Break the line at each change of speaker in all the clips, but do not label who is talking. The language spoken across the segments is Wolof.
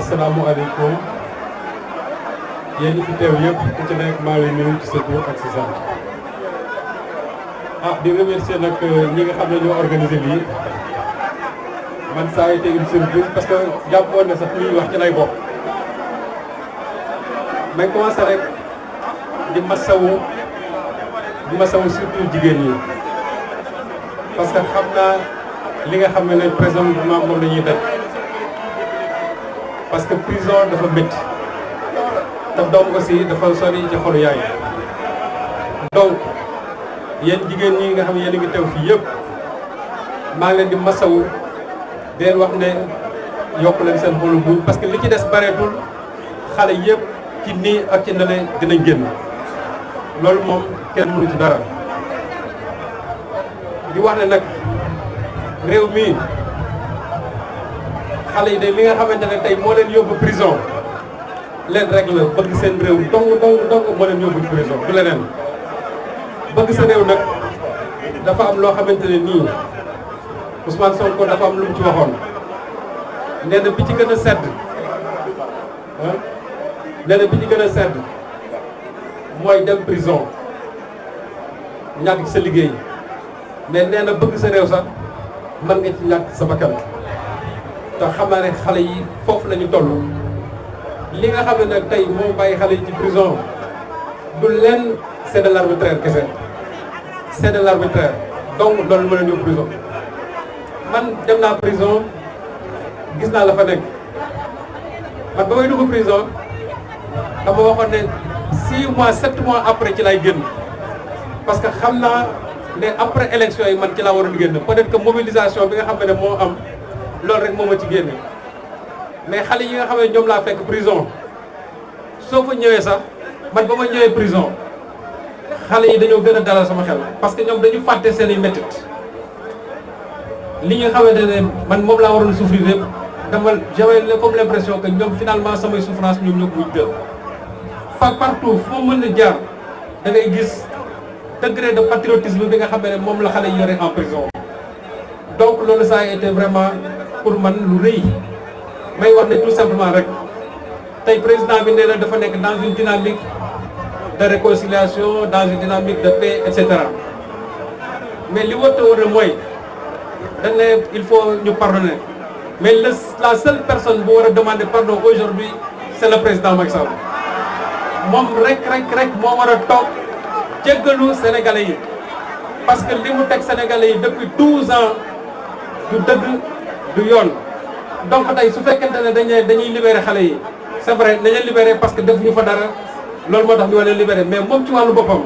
asalaamualeykum yéen ñi fi teew yëpp ku ci nekk maa ngi lay nuyu ci ak sa sant ah di remercier nag euh, ñi nga xam ne ñoo organisé lii man ça a été une parce que jàppoon na sax ñuy wax ci lay bokk may commencé rek di sawu di ma masawu surtout jigéen ñi parce que xam naa li nga xam ne ne présentement moom la ñuy daj parce que prison dafa métti ndax doom aussi dafa sori ci xolu yaay donc yéen jigéen ñi nga xam ne yéen a ngi teew fii yëpp maa ngi leen di masawu di wax ne yokk seen xolu bu parce que li ci des bareetul xale yëpp ci nii ak ci nale dinañ génn loolu moom kenn mënu ci dara di wax ne nag réew mi xale yi de li nga xamante ne tey moo leen yóbbu prison leen rek bëgg seen réew dong dong dong moo leen yóbbu prison du leneen bëgg sa réew nag dafa am loo xamante ne nii Ousmane ko dafa am lu mu ci waxoon nee na bi ci gën a sedd ah nee na bi ci gën a sedd mooy dem prison ñàkk ci sa liggéey mais nee na bëgg sa réew sax mën nga ci ñàkk sa bakkan te xam naa ne xale yi foofu la ñu toll li nga xam ne nag tey moom bàyyi xale yi ci prison du lenn c'est de l'arbitraire kese c'est de l'arbitraire donc loolu mën a ñëw prison man dem naa prison gis naa la fa nekk man ba may dugg prison dama waxoon ne 6 mois 7 mois après ci lay génn parce que xam naa ne après élection yi man ci a waroon génn peut-être que mobilisation bi nga xam ne moo am. loolu rek moo ma ci génne mais xale yi nga xam ne ñoom laa fekk prison soo fa ñëwee sax man ba ma ñëwee prison xale yi dañoo gën a dalal sama xel parce que ñoom dañu fàtte seen i métit li nga xamante ne man moom laa waroon souffrir yëpp dama j'avais comme l'impression que ñoom finalement samay souffrance ñu ñoo ko jël fa partout fu ma mën a jaar da ngay gis degré de patriotisme bi nga xam ne moom la xale yi yore en prison donc loolu ça été vraiment pour man lu rëy may war ne tout simplement rek tey président bi nee na dafa nekk dans une dynamique de réconciliation dans une dynamique de paix et cetera mais li wërta wër mooy dañ ne il faut ñu pardonner mais le la seule personne bu war a demander pardon aujourd'hui c'est le président Macky Sall moom rek rek rek moo war a toog jéggalu sénégalais yi parce que li mu teg sénégalais yi depuis 12 ans du dëgg du yoon donc tey su fekkente ne dañuy dañuy libéré xale yi c'est vrai dañu leen parce que defuñu fa dara loolu moo tax ñu war leen libéré mais moom ci wàllu boppam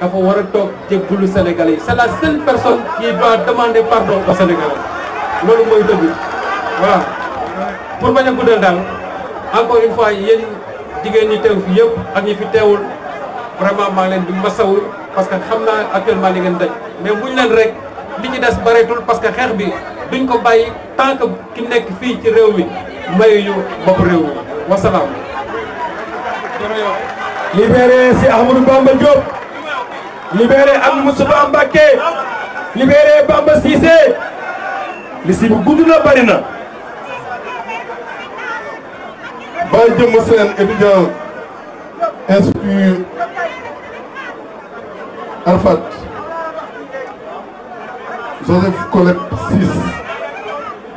dafa war a toog jéggalu sénégal yi c'est la seule personne qui doit demander pardon aux Sénégalais loolu mooy dëgg voilà pour bañ a guddal daal encore une fois yéen jigéen ñi teew fi yëpp ak ñi fi teewul vraiment maa ngi leen di masawu parce que xam naa actuellement li ngeen daj mais buñ leen rek li ci des bareetul parce que xeex bi. duñ ko bay tant ki nekk fii ci réew mi mayuñu bopp réew mi wasalaam. libéré si Ahmadou Bamba Diop. libéré ak Moustapha Mbacké. libéré Bamba Cissé.
li si bu na bari na. Baye Jëmm Sène étudiant institut Arfat Joseph Colette 6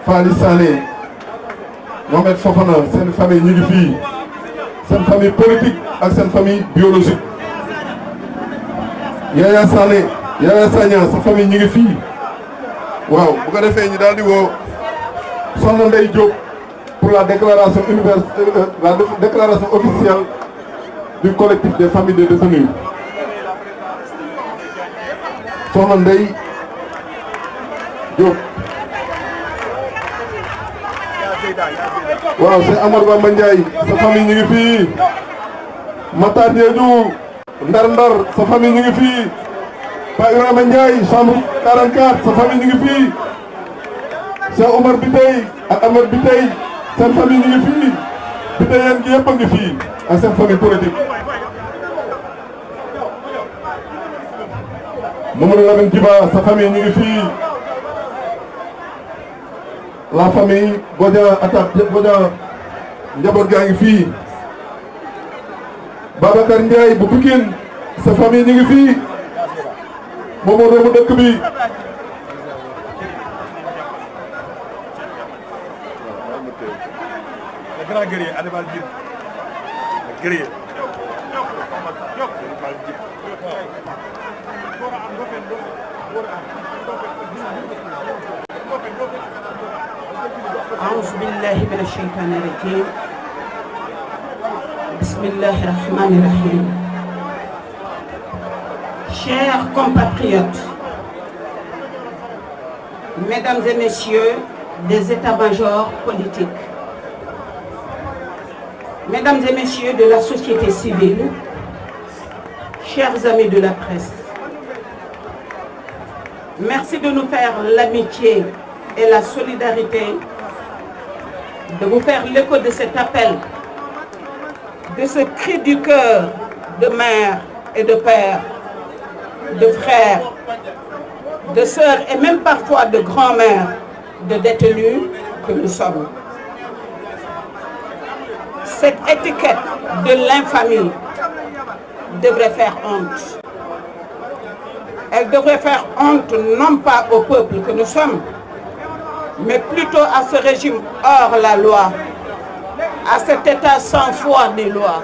Fally Sané Mohamed Fofana seen famille ñu ngi fii seen famille politique ak seen famille biologique Yaya Sané Yaya Sagna sa famille ñu fii waaw bu ko defee ñu daal di woo Soxna Ndeye Diop pour la déclaration univers euh, la déclaration officielle du collectif des familles des détenus Soxna Ndeye Diop waaw c'est Amadou Bamba Ndiaye sa famille ñu ngi fii Matar Diédhiou Ndar Ndar sa famille ñu ngi fii Ba Ibrahima Ndiaye chambre 44 sa famille ñu ngi fii Cheikh Omar Biteye ak Amar Biteye seen famille ñu ngi fii Biteye yéen gi yëpp ngi fii ak seen famille politique Mamadou Lamine Djiba sa famille ñu ngi fii la famille Bodian attaque Bodian njaboot gaa ngi fii Babacar Ndiaye bu Pikine sa famille ñu ngi fii moom moo doomu dëkk bi
أعوذ بالله من الشيطان الرجيم بسم الله الرحمن Chers compatriotes, Mesdames et Messieurs des états-majors politiques, Mesdames et Messieurs de la société civile, chers amis de la presse, merci de nous faire l'amitié et la solidarité de vous faire l'écho de cet appel, de ce cri du cœur de mère et de père, de frères, de sœurs et même parfois de grand-mères, de détenus que nous sommes. Cette étiquette de l'infamie devrait faire honte. Elle devrait faire honte non pas au peuple que nous sommes, mais plutôt à ce régime hors la loi, à cet État sans foi des lois.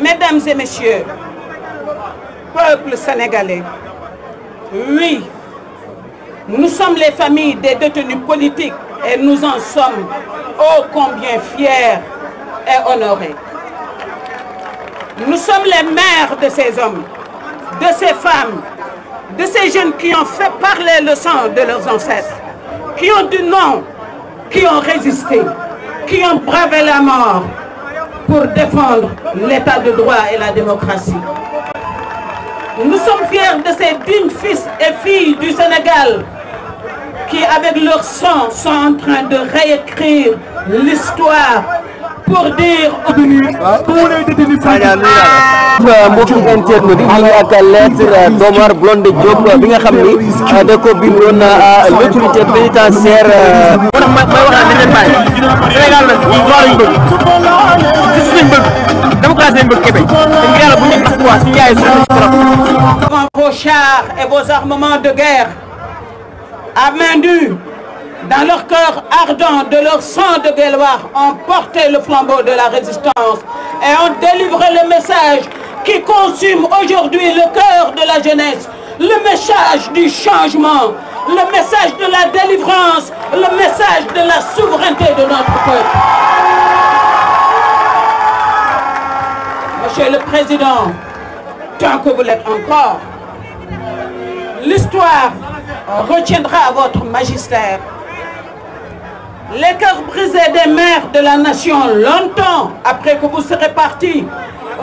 Mesdames et messieurs, peuple sénégalais, oui, nous sommes les familles des détenus politiques et nous en sommes ô combien fiers et honorés. Nous sommes les mères de ces hommes, de ces femmes, de ces jeunes qui ont fait parler le sang de leurs ancêtres. qui ont dit non, qui ont résisté, qui ont bravé la mort pour défendre l'état de droit et la démocratie. Nous sommes fiers de ces dignes fils et filles du Sénégal qui avec leur sang sont en train de réécrire l'histoire pour dire tous internet bi ñu
ak lettre Momar Blondin Diop bi xam ni da ko bindoon euh, l'autorité pénitentiaire moo tax may waxaan dañ leen bàyyi Sénégal nag
droit lañ bëgg justice lañ bëgg démocratie lañ bëgg Québec de guerre à main nue, dans leur cœur ardent, de leur sang de Guelwaar, ont porté le flambeau de la résistance et ont délivré le message qui consume aujourd'hui le cœur de la jeunesse, le message du changement, le message de la délivrance, le message de la souveraineté de notre peuple. Monsieur le Président, tant que vous l'êtes encore, retiendra votre magistère. Les cœurs brisés des mères de la nation, longtemps après que vous serez partis,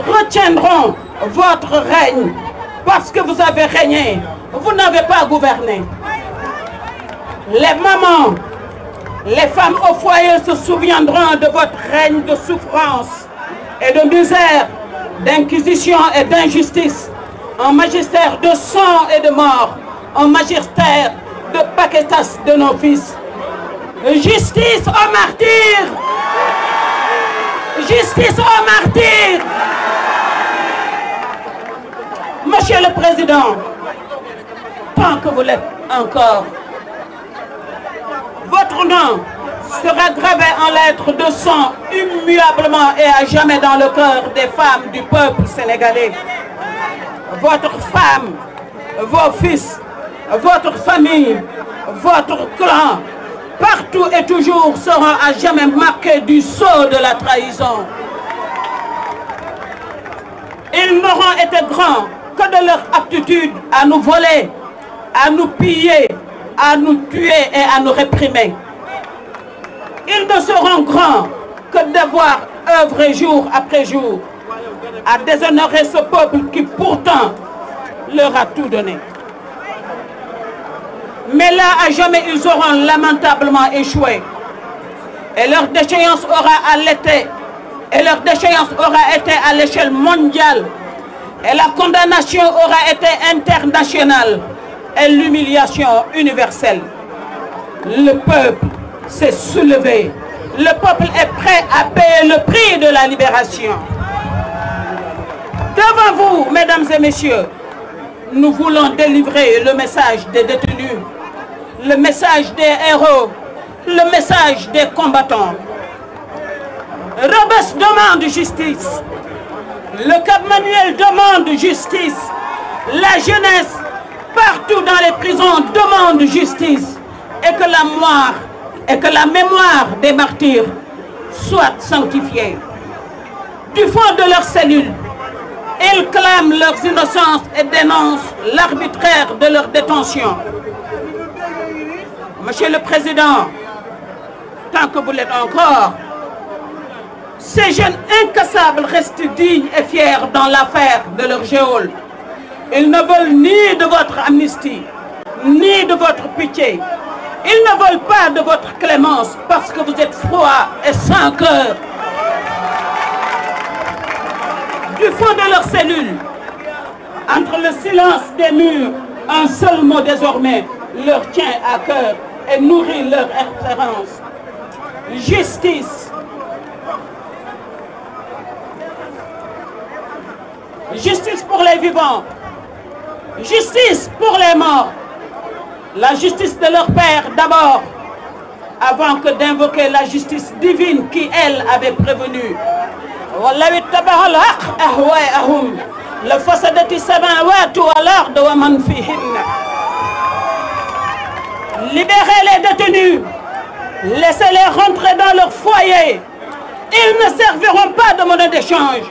retiendront votre règne parce que vous avez régné, vous n'avez pas gouverné. Les mamans, les femmes au foyer se souviendront de votre règne de souffrance et de misère, d'inquisition et d'injustice, un magistère de sang et de mort. un magistère de paquetas de nos fils. Justice aux martyrs Justice aux martyrs Monsieur le Président, tant que vous l'êtes encore, votre nom sera gravé en lettres de sang immuablement et à jamais dans le cœur des femmes du peuple sénégalais. Votre femme, vos fils, votre famille, votre clan, partout et toujours seront à jamais marqués du sceau de la trahison. Ils n'auront été grands que de leur aptitude à nous voler, à nous piller, à nous tuer et à nous réprimer. Ils ne seront grands que d'avoir œuvré jour après jour à déshonorer ce peuple qui pourtant leur a tout donné. Mais là, à jamais, ils auront lamentablement échoué. Et leur déchéance aura allaité. Et leur déchéance aura été à l'échelle mondiale. Et la condamnation aura été internationale. Et l'humiliation universelle. Le peuple s'est soulevé. Le peuple est prêt à payer le prix de la libération. Devant vous, mesdames et messieurs, nous voulons délivrer le message des le message des héros, le message des combattants. Robes demande justice. Le Cap Manuel demande justice. La jeunesse, partout dans les prisons, demande justice. Et que la mémoire, des martyrs soit sanctifiée. Du fond de leurs cellules, ils clament leurs innocences et dénoncent l'arbitraire de leur détention. Monsieur le Président, tant que vous l'êtes encore, ces jeunes incassables restent dignes et fiers dans l'affaire de leur géol. Ils ne veulent ni de votre amnistie, ni de votre pitié. Ils ne veulent pas de votre clémence parce que vous êtes froid et sans cœur. Du fond de leur cellule, entre le silence des murs, un seul mot désormais leur tient à cœur et nourrir leur espérance. Justice. Justice pour les vivants. Justice pour les morts. La justice de leur Père d'abord, avant que d'invoquer la justice divine qui, elle, avait prévenu. walla ittaba'al haqqa ahwaa'ahum la fasadati samaawaatu Libérez les détenus. Laissez-les rentrer dans leur foyer. Ils ne serviront pas de monnaie d'échange.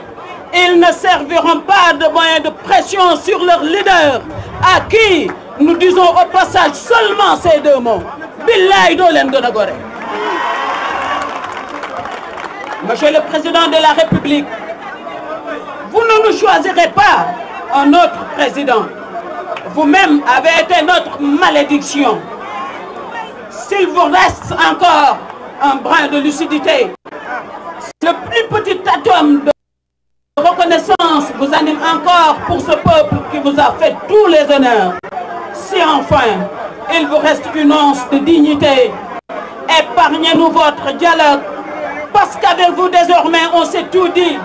Ils ne serviront pas de moyen de pression sur leur leader, à qui nous disons au passage seulement ces deux mots. Billahi doo Monsieur le Président de la République, vous ne nous choisirez pas un autre président. Vous-même avez été notre malédiction. s'il vous reste encore un brin de lucidité, le plus petit atome de reconnaissance vous anime encore pour ce peuple qui vous a fait tous les honneurs. Si enfin, il vous reste une once de dignité, épargnez-nous votre dialogue, parce vous désormais on s'est tout dit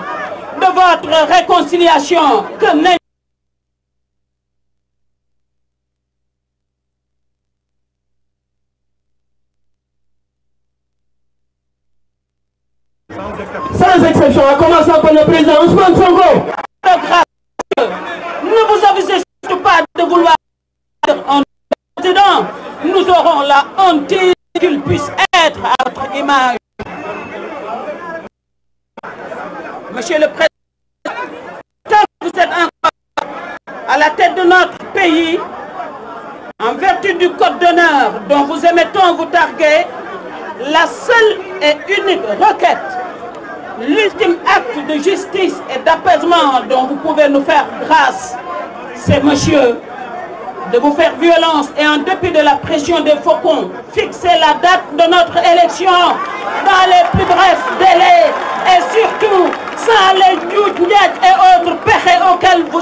de votre réconciliation que
sans exception, en commençant par le président
Nous aurons la honte qu'il puisse être à votre image. Monsieur le Président, tant que vous êtes encore à la tête de notre pays, en vertu du code d'honneur dont vous émettons vous targuer, la seule et unique requête L'ultime acte de justice et d'apaisement dont vous pouvez nous faire grâce, c'est monsieur de vous faire violence et en dépit de la pression des faucons, fixer la date de notre élection dans les plus délais et surtout sans les et autres péchés